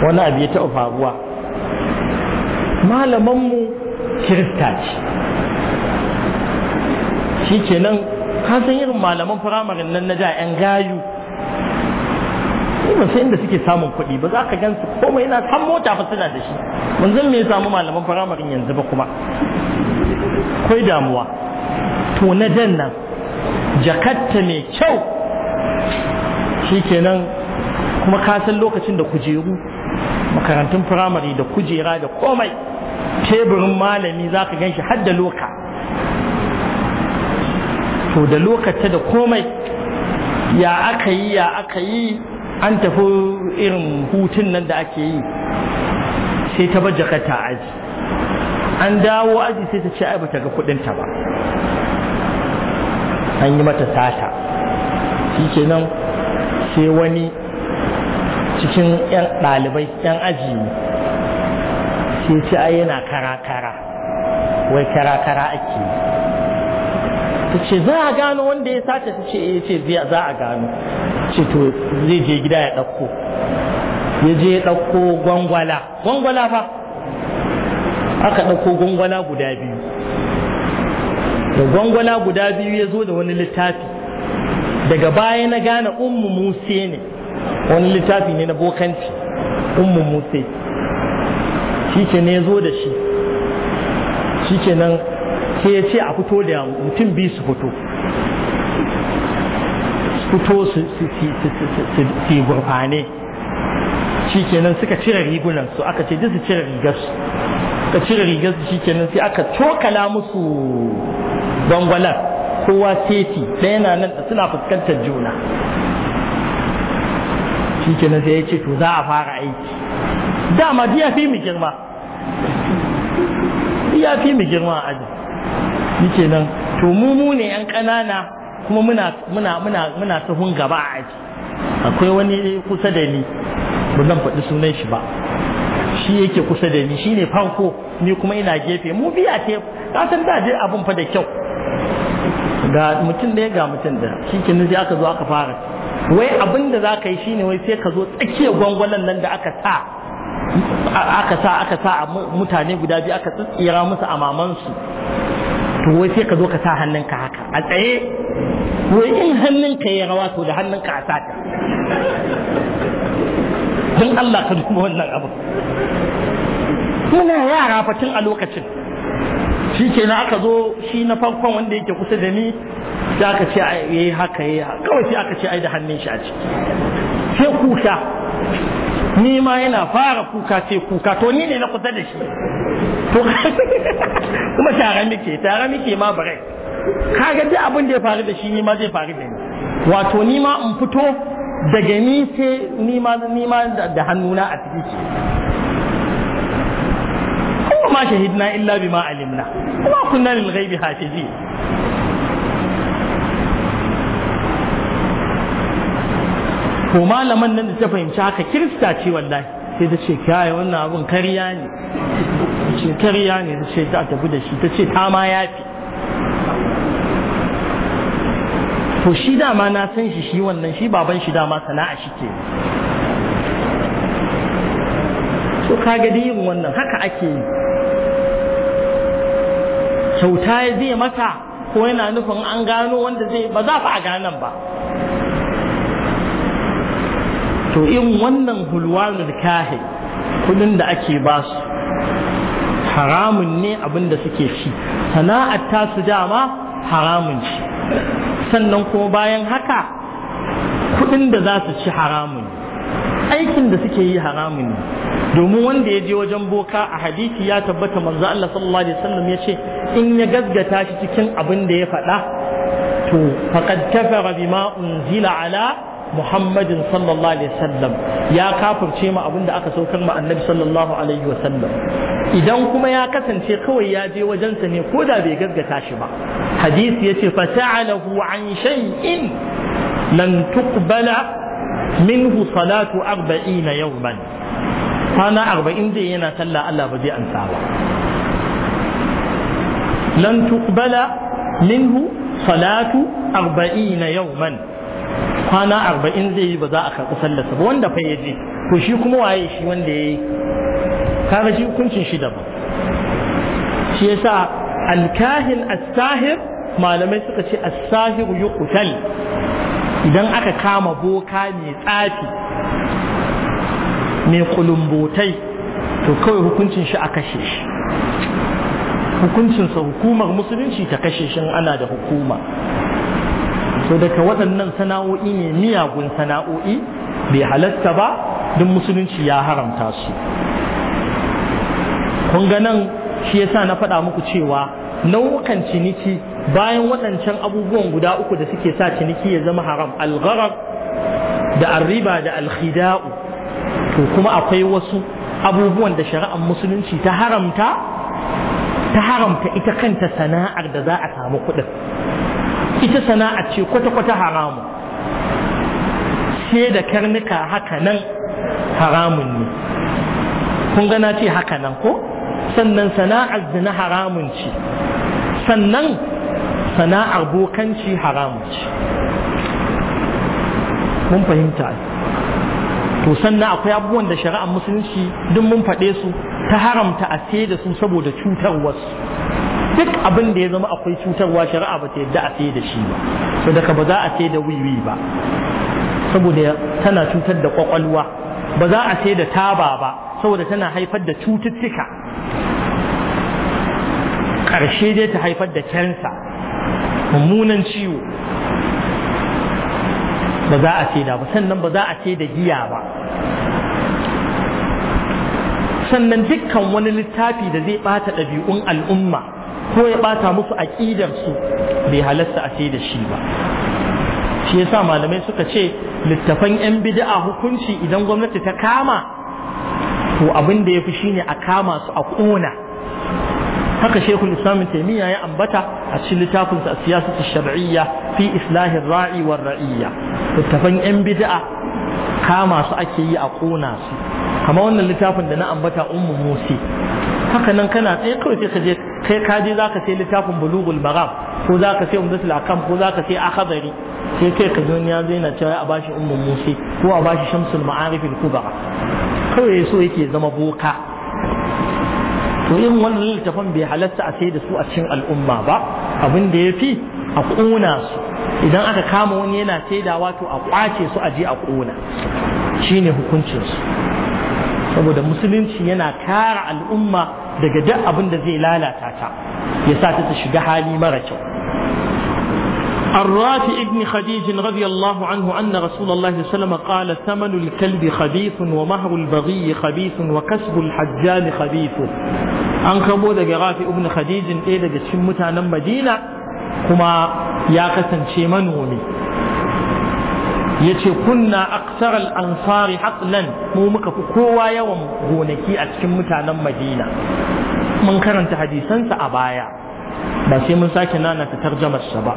wani abu ya taɓa faruwa malamanmu kirista ce shi kenan ka san irin malaman firamarin nan na da 'yan gayu ba sai inda suke samun kuɗi ba za ka gan su komai na san mota fa suna da shi manzon me ya samu malaman firamarin yanzu ba kuma kai damuwa to na dan nan jakatta mai kyau shi nan kuma ka lokacin da kujeru makarantun firamare da kujera da komai teburin malami za ka gan shi loka to da lokata da komai ya aka yi ya aka yi an tafi irin hutun nan da ake yi sai ta bar jakarta aji an dawo aji sai ta ce ai bata ga kudinta ba an yi mata sata shi ke nan sai wani cikin 'yan ɗalibai 'yan aji sai ce a yana kara-kara wai kara-kara ake ta ce za a gano wanda ya sata ta ce eh, ce za a gano ce to zai je gida ya ɗauko ya je ya ɗauko gwangwala gwangwala fa aka ɗauko gwangwala guda biyu da gwangwana guda biyu ya zo da wani littafi daga baya na gane ummu muse ne wani littafi ne na bokanci ummu muse shi ke ne zo da shi shi ke nan sai ya ce a fito da mutum biyu su fito fito su gurfane shi nan suka cire rigunan su aka ce su cire rigarsu suka cire rigarsu shi nan sai aka cokala musu gwangwalar kowa teti ɗaya na nan suna fuskantar juna shi ke sai ya ce to za a fara aiki dama ya fi mu girma ya fi mu girma a aji shi ke nan to mu mu ne yan ƙanana kuma muna muna muna muna sahun gaba a aji akwai wani kusa da ni ba zan faɗi sunan shi ba shi yake kusa da ni shi ne fanko ni kuma ina gefe mu biya ce ta san da je abin fa da kyau ga mutum ɗaya ga mutum da shi ke sai aka zo aka fara wai abin da za ka yi shine wai sai ka zo tsakiyar gwangwalan nan da aka sa aka sa aka sa a mutane guda biyu aka tsira musu amamansu to wai sai ka zo ka sa hannunka haka a tsaye wai in hannunka ya rawa to da hannunka a sata don Allah ka duba wannan abu muna yara fatin a lokacin shi ke na aka zo shi na farkon wanda yake kusa da ni sai aka ce ya yi eh, haka ya yi haka kawai sai aka ce ai da hannun shi a ciki sai kuka ni ma yana fara kuka sai kuka to ni ne na kusa da shi to kuma tara muke tara muke ma bare kaga duk abin da ya faru da shi ni ma zai faru da ni wato ni ma in fito daga ni sai ni ma ni ma da hannuna a ciki وما شهدنا إلا بما علمنا وما كنا للغيب حافظين ko malaman nan da ta fahimci haka kirista ce wallahi sai ta ce kai wannan abun kariya ne ce kariya ne ta ce ta tafi da shi ta ce ta ma yafi to shi dama na san shi shi wannan shi baban shi dama sana'a shi ke to kaga dai wannan haka ake yi kyauta ya zai mata ko yana nufin an gano wanda zai ba za a ganan ba to in wannan hulwanul kahi kudin da ake ba su haramun ne abin da suke ci sana'ar ta su dama haramun ci sannan kuma bayan haka kudin da za su ci haramun aikin da suke yi haramun ne domin wanda ya je wajen boka a hadisi ya tabbata manzo Allah sallallahu alaihi wasallam ya ce in ya gaggata shi cikin abin da ya faɗa to faqad kafara bima unzila ala Muhammadin sallallahu alaihi wasallam ya kafirce mu abin da aka saukar mu Annabi sallallahu alaihi wasallam idan kuma ya kasance kawai ya je wajensa ne ko da bai gaggata shi ba hadisi yace fa ta'alahu an shay'in lan tuqbala minhu salatu 40 yawman kwana arba'in zai yana sallah Allah ba zai ansa ba lan tuqbala minhu salatu arba'ina yawman kwana arba'in zai yi ba za a karɓi sallarsa ba wanda fa yaje to shi kuma waye shi wanda yayi kaga shi hukuncin shi daban shi yasa alkahin as-sahir malamai suka ce as-sahir yuqtal idan aka kama boka mai tsafi mai kulumbotai to kawai hukuncin shi a kashe shi hukuncinsa hukumar musulunci ta kashe shi ana da hukuma to daga waɗannan sana'o'i ne miyagun sana'o'i bai halatta ba don musulunci ya haramta su kun ga nan shi yasa na faɗa muku cewa nau'ukan ciniki bayan waɗancan abubuwan guda uku da suke sa ciniki ya zama haram algharar da arriba da alkhida'u to kuma akwai wasu abubuwan da shari'ar musulunci ta haramta ta haramta ita kanta sana'ar da za a samu kuɗin ita sana'ar ce kwata-kwata haramu. sai da karnuka haka nan haramun ne kun gana ce haka nan ko sannan sana'ar zina haramun ce sannan sana'ar bokanci haramun ce mun fahimta to sannan akwai abubuwan da shari'ar musulunci duk mun faɗe su ta haramta a sayar da su saboda cutarwa duk abin da ya zama akwai cutarwa shari'a ba ta yadda a sayar da shi ba so daga ba za a sayar da wiwi ba saboda tana cutar da kwakwalwa ba za a sayar da taba ba saboda tana haifar da cututtuka ƙarshe dai ta haifar da kyansa mummunan ciwo ba za a ce da ba sannan ba za a ce da giya ba sannan dukkan wani littafi da zai bata ɗabi'un al'umma ko ya bata musu aƙidarsu bai halasta a ce da shi ba shi yasa malamai suka ce littafan 'yan bid'a hukunci idan gwamnati ta kama to abin da ya fi shine a kama su a ƙona haka shekul islamin taimiyya ya ambata a cikin littafinsa a siyasar shar'iyya fi islahin ra'i wa ra'iyya littafan yan bid'a kama su ake yi a kona su kama wannan littafin da na ambata ummu musi haka nan kana tsaye kawai sai ka je kai ka zaka sai littafin bulugul maram ko zaka sai umdatul akam ko zaka sai akhadari sai kai ka zo ne ya zaina cewa a bashi ummu musi ko a bashi shamsul ma'arif al-kubra kawai so yake zama boka to yin wannan littafan bai halatta a sai da su a cikin al'umma ba abin da ya fi a ƙuna su idan aka kama wani yana saidawa to a ƙwace su a je a ƙona shine hukuncinsu saboda musulunci yana kara al'umma daga duk abin da zai lalata ta ya sa ta shiga hali mara kyau عن رافع بن خديج رضي الله عنه أن رسول الله صلى الله عليه وسلم قال ثمن الكلب خبيث ومهر البغي خبيث وكسب الحجام خبيث an kamo daga rafi Ibni khadijin ɗaya daga cikin mutanen madina kuma ya kasance manomi ya ce kunna aksarar al'ansari haƙlan mu muka fi kowa yawan gonaki a cikin mutanen madina mun karanta hadisansa a baya ba sai mun sake nana ta tarjamarsa ba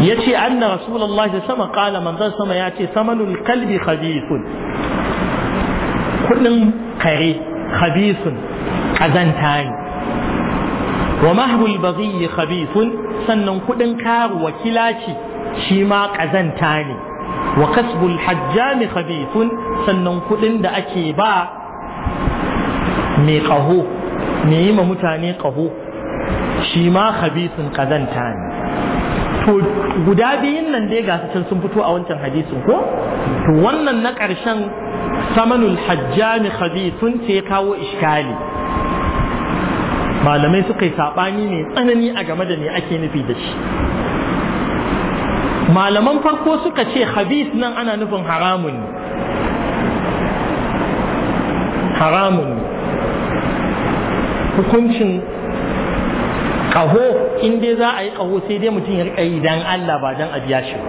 Ya ce anna rasulallah da sama kala manzon sama ya ce samanul kalbi khabithun kudin kare khabithun kazanta ne wa mahbul baghi khabithun sannan kudin wakila kilaci shi ma kazanta ne wa kasbul hajjami khabithun sannan kudin da ake ba mai kaho mai yi ma mutane kaho shi ma khabithun kazanta ne to guda biyun nan dai gasu can sun fito a wancan hadisin ko to wannan na ƙarshen samanul hajjami khabithun ce ya kawo iskali malamai suka yi saɓani ne tsanani a game da me ake nufi da shi malaman farko suka ce habis nan ana nufin haramun hukuncin ƙaho in dai za a yi ƙaho sai dai mutum ya riƙa yi dan Allah ba dan a biya shi ba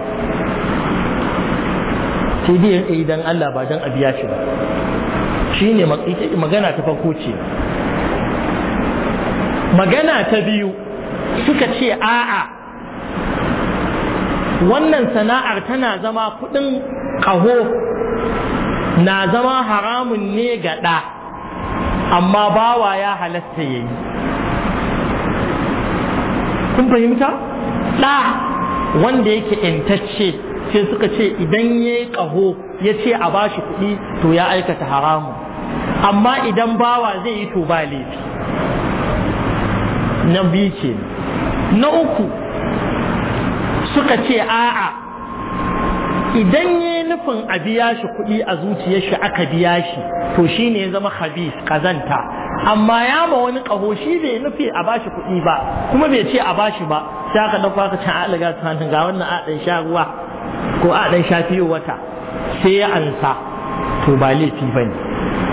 sai dai ya riƙa yi dan Allah ba dan a biya shi ba ne magana ta farko ce magana ta biyu suka ce a'a wannan sana'ar tana zama kuɗin ƙaho na zama haramun ne ga ɗa amma bawa ya halasta ya yi kun fahimta ɗa wanda yake intacce sai suka ce idan ya yi ƙaho ya ce a ba shi kuɗi to ya aikata haramu amma idan bawa zai yi to ba laifi na biyu ce. na uku suka ce a'a idan ya yi nufin a biya shi kuɗi a zuciyar shi aka biya shi to shi ne ya zama habis kazanta amma ya ma wani kaho shi bai nufi a bashi kuɗi ba kuma bai ce a bashi ba sai aka dauko ka can alaga ta hannun ga wannan adan sha ruwa ko adan sha fiye wata sai ya ansa to ba laifi ba ne.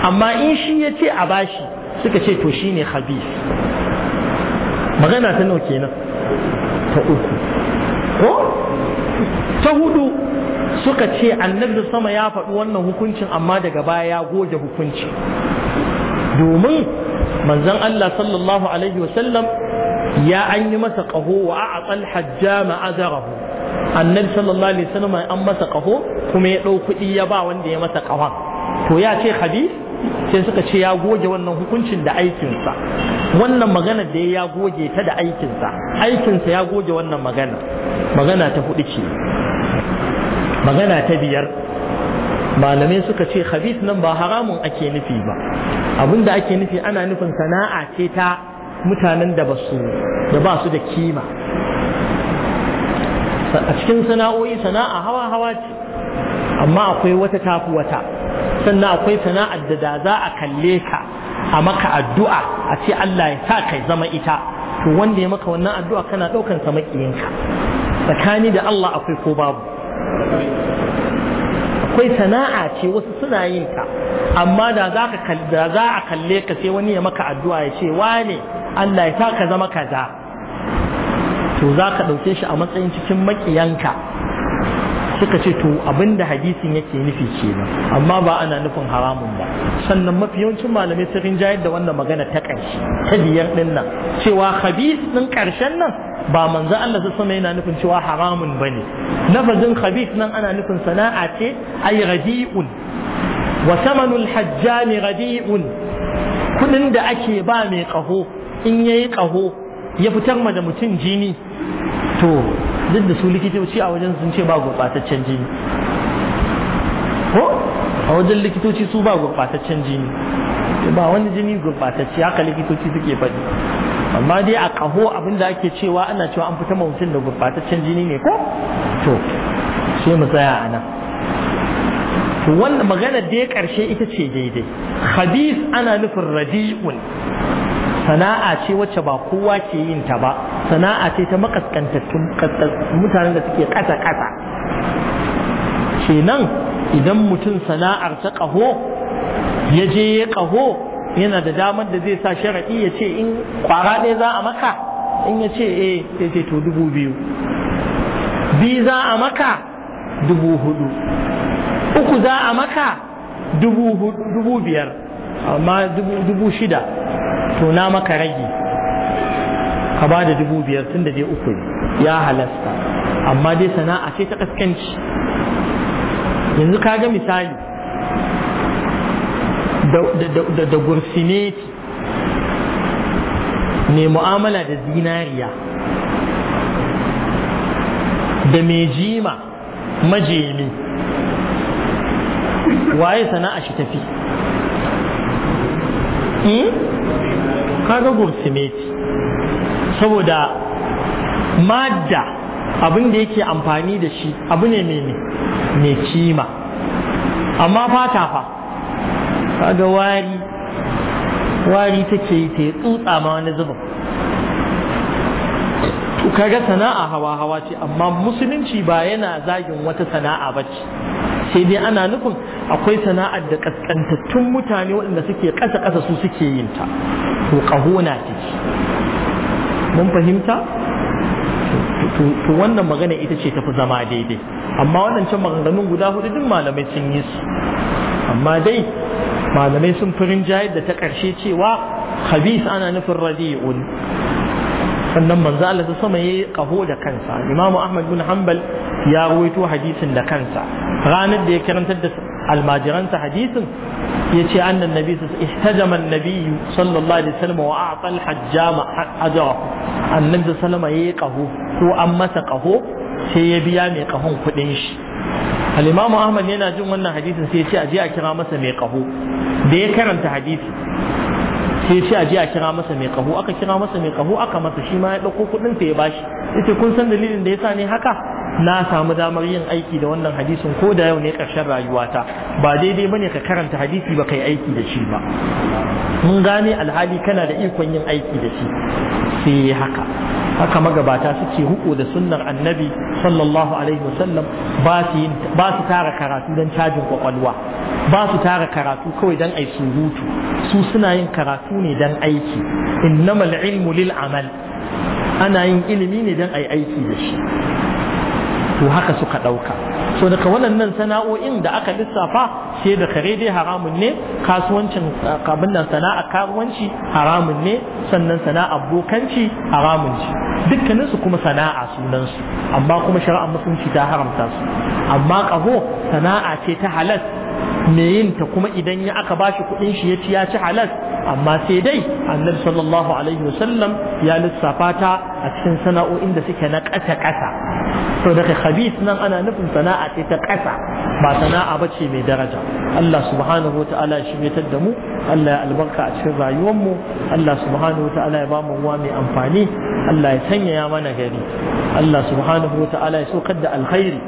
amma in shi ya ce a bashi suka ce to shi ne habis. magana ta nawa kenan ta uku ko ta hudu suka ce annabi sama ya faɗi wannan hukuncin amma daga baya ya goge hukuncin domin manzon Allah sallallahu alaihi wasallam ya an yi masa ƙaho wa a'atsal hajja ma'azarahu annabi sallallahu alaihi wasallam an masa ƙaho kuma ya ɗau kuɗi ya ba wanda ya masa ƙahon to ya ce hadis sai suka ce ya goge wannan hukuncin da aikinsa wannan magana da ya goge ta da aikinsa aikinsa ya goge wannan magana magana ta hudu ce magana ta biyar malamai suka ce khabith nan ba haramun ake nufi ba abinda ake nufi ana nufin sana'a ce ta mutanen da basu da ba su da kima a cikin sana'o'i sana'a hawa hawa ce amma akwai wata tafi wata sannan akwai sana'ar da da za a kalle ka a maka addu'a a ce Allah ya sa kai zama ita to wanda ya maka wannan addu'a kana ɗaukan sa makiyinka tsakani da Allah akwai ko babu akwai sana'a ce wasu suna yin ta amma da za ka da za a kalle ka sai wani ya maka addu'a ya ce wane Allah ya sa ka zama kaza to za ka ɗauke shi a matsayin cikin makiyanka suka ce to abinda hadisin yake nufi nan amma ba ana nufin haramun ba sannan mafi yawancin malamai sun rinjayar da wannan magana ta ƙarshe ta biyar din nan cewa habis din ƙarshen nan ba manzo Allah su sama yana nufin cewa haramun ba ne nafazin habis nan ana nufin sana'a ce ai radi'un wa samanul hajjami radi'un kuɗin da ake ba mai ƙaho in yayi ƙaho ya fitar ma da mutum jini to duk da su likitoci a wajen sun ce ba gurɓataccen jini ko a wajen likitoci su ba gurɓataccen jini ba wani jini gurɓatacce haka likitoci suke faɗi amma dai a ƙaho abinda ake cewa ana cewa an fita mutum da gurɓataccen jini ne ko to sai mu tsaya a nan to wannan magana dai ƙarshe ita ce daidai khabis ana nufin radi'un sana'a ce wacce ba kowa ke yin ta ba sana'a ce ta makaskantattun mutanen da suke kasa. Ke kenan idan mutum sana'ar ta kaho ya je ya kaho yana da damar da zai sa sharaɗi ya ce in ƙwara ɗaya za a maka in ya ce eh sai ce to dubu biyu biyu za a maka dubu hudu uku za a maka dubu biyar amma dubu shida to na maka rage ka ba da dubu biyar tun da dai uku ya halasta amma dai sana'a ce ta kaskanci yanzu ka ga misali da gursineti ne mu'amala da zinariya da mai jima majemi waye sana'a shi tafi Eh? kaga gursimeti saboda madda abin da yake amfani da shi abu ne mai kima amma fata fa kaga wari wari take yi ta yi tsutsa ma wani zubin kaga sana'a hawa hawa ce amma musulunci ba yana zagin wata sana'a ba ce sai dai ana nufin akwai sana'ar da kaskantattun mutane waɗanda suke ƙasa ƙasa su suke yin ta to ƙahona ce mun fahimta to wannan magana ita ce tafi zama daidai amma waɗancan maganganun guda hudu duk malamai sun yi su amma dai malamai sun firin jayar da ta ƙarshe cewa habis ana nufin radi'un sannan manzo Allah sama yi kaho da kansa imamu Ahmad bin Hanbal ya ruwaito hadisin da kansa ranar da ya karantar da Almajiranta hadisin ya ce annan nabi su ihtajaman nabi sallallahu alaihi wasallam wa a'ta al-hajjama ajra annabi sallama yayi kaho ko an masa kaho sai ya biya mai kahon kudin shi al-imam ahmad yana jin wannan hadisin sai ya ce aje a kira masa mai kaho da ya karanta hadisi sai ce aje a kira masa mai kaho aka kira masa mai kaho aka masa shi ma ya dauko kudin sa ya bashi yace kun san dalilin da yasa ne haka na samu damar yin aiki da wannan hadisin ko da yau ne ƙarshen rayuwata ba daidai bane ka karanta hadisi ba kai aiki da shi ba mun gane alhali kana da ikon yin aiki da shi sai haka haka magabata suke huko da sunnar annabi sallallahu alaihi wasallam ba su tara karatu don cajin kwakwalwa ba su tara karatu kawai don ai surutu su suna yin karatu ne don aiki innamal ilmu lil amal ana yin ilimi ne don ai aiki da shi to haka suka ɗauka so daga waɗannan sana'o'in da aka lissafa sai da kare dai haramun ne kasuwancin eh, abin nan sana'a karuwanci haramun ne sannan sana'a bokanci haramun ce dukkanin su kuma sana'a sunan su amma kuma shari'ar musulunci ta haramta su amma ƙaho sana'a ce ta halal me yinta kuma idan ya aka bashi kuɗin shi ya ci ya ci halal amma sai dai annabi sallallahu alaihi wasallam ya lissafa ta a cikin sana'o'in da suke na ƙasa ƙasa to daga khabis nan ana nufin sana'a ce ta ƙasa ba sana'a ba ce mai daraja Allah subhanahu ta'ala ya shiryatar da mu Allah ya albarka a cikin rayuwarmu mu Allah subhanahu ta'ala ya bamu ruwa mai amfani Allah ya sanyaya mana gari Allah subhanahu wata'ala ya saukar da alkhairi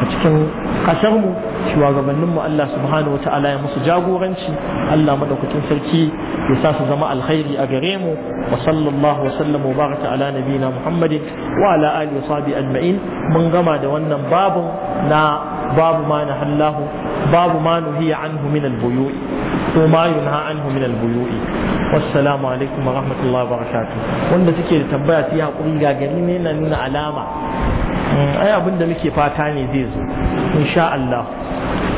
a cikin ƙasarmu shugabanninmu Allah subhanahu subhanahu wata'ala ya musu jagoranci Allah madaukakin sarki ya sa su zama alkhairi a gare mu wa sallallahu wa sallam wa baraka ala nabiyina muhammadin wa ala alihi wa sahbihi ajma'in mun gama da wannan babu na babu ma na nahallahu babu ma nuhiya anhu min al-buyu'i ko ma yunha anhu min al-buyu'i wassalamu alaikum wa rahmatullahi wa barakatuh wanda suke da tambaya su yi haƙuri ga gari ne na nuna alama hmm, ai abin da muke fata ne zai zo insha Allah